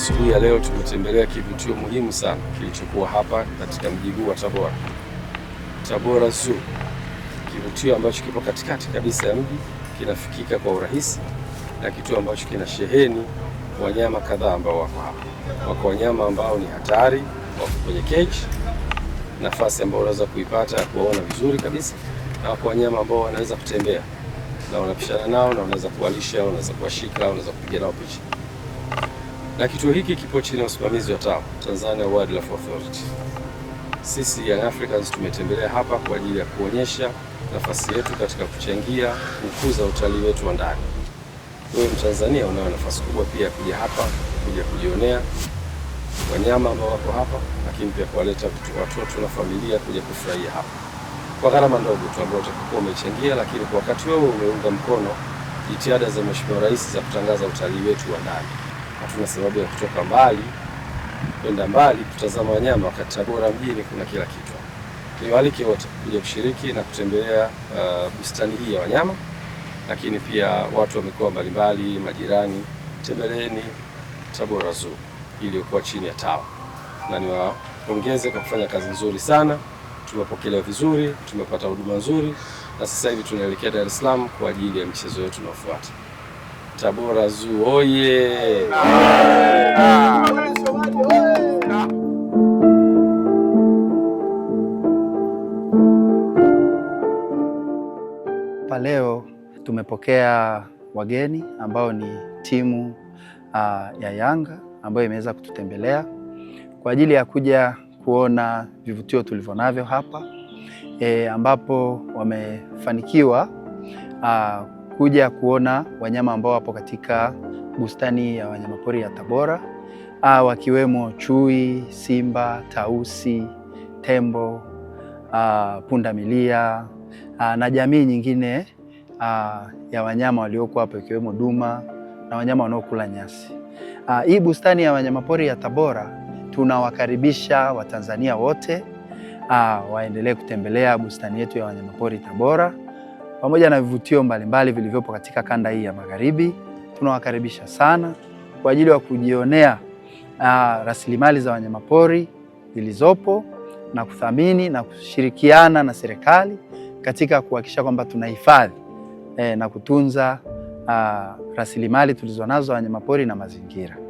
asubuhi ya leo tumetembelea kivutio muhimu sana kilichokuwa hapa katika mji huu wa Tabora, Tabora Zoo, kivutio ambacho kipo katikati kabisa ya mji, kinafikika kwa urahisi na kituo ambacho kina sheheni wanyama kadhaa ambao wako hapa. Wako wanyama ambao ni hatari, wako kwenye cage, nafasi ambayo unaweza kuipata kuwaona vizuri kabisa, na wako wanyama ambao wanaweza kutembea na unapishana nao na unaweza kuwalisha, unaweza kuwashika, unaweza kupiga nao picha na kituo hiki kipo chini ya usimamizi wa TAO, Tanzania Wildlife Authority. Sisi Young Africans tumetembelea hapa kwa ajili ya kuonyesha nafasi yetu katika kuchangia kukuza utalii wetu wa ndani. Wewe Mtanzania unayo nafasi kubwa pia ya kuja hapa kuja kujionea wanyama ambao wako hapa, lakini pia kuwaleta watoto na familia kuja kufurahia hapa kwa gharama ndogo tu ambayo utakuwa umechangia, lakini kwa wakati wewe umeunga mkono jitihada za Mheshimiwa Rais za kutangaza utalii wetu wa ndani hatuna sababu ya kutoka mbali kwenda mbali kutazama wanyama. Wakati Tabora mjini kuna kila kitu. Niwaalike wote kuja kushiriki na kutembelea uh, bustani hii ya wanyama, lakini pia watu wa mikoa mbalimbali, majirani, tembeleeni Tabora Zoo iliyokuwa chini ya TAWA, na niwapongeze kwa kufanya kazi nzuri sana. Tumepokelewa vizuri, tumepata huduma nzuri, na sasa hivi tunaelekea Dar es Salaam kwa ajili ya michezo yetu inayofuata. Tabora Zoo oye! Pa leo tumepokea wageni ambao ni timu uh, ya Yanga ambayo imeweza kututembelea kwa ajili ya kuja kuona vivutio navyo hapa e, ambapo wamefanikiwa uh, kuja kuona wanyama ambao wapo katika bustani ya wanyamapori ya Tabora ah, wakiwemo chui, simba, tausi, tembo, ah, pundamilia ah, na jamii nyingine ah, ya wanyama walioko hapo ikiwemo duma na wanyama wanaokula nyasi. Ah, hii bustani ya wanyamapori ya Tabora tunawakaribisha Watanzania wote ah, waendelee kutembelea bustani yetu ya wanyamapori Tabora pamoja na vivutio mbalimbali vilivyopo katika kanda hii ya Magharibi. Tunawakaribisha sana kwa ajili ya kujionea uh, rasilimali za wanyamapori zilizopo na kuthamini na kushirikiana na serikali katika kuhakikisha kwamba tunahifadhi eh, na kutunza uh, rasilimali tulizonazo wanyamapori na mazingira.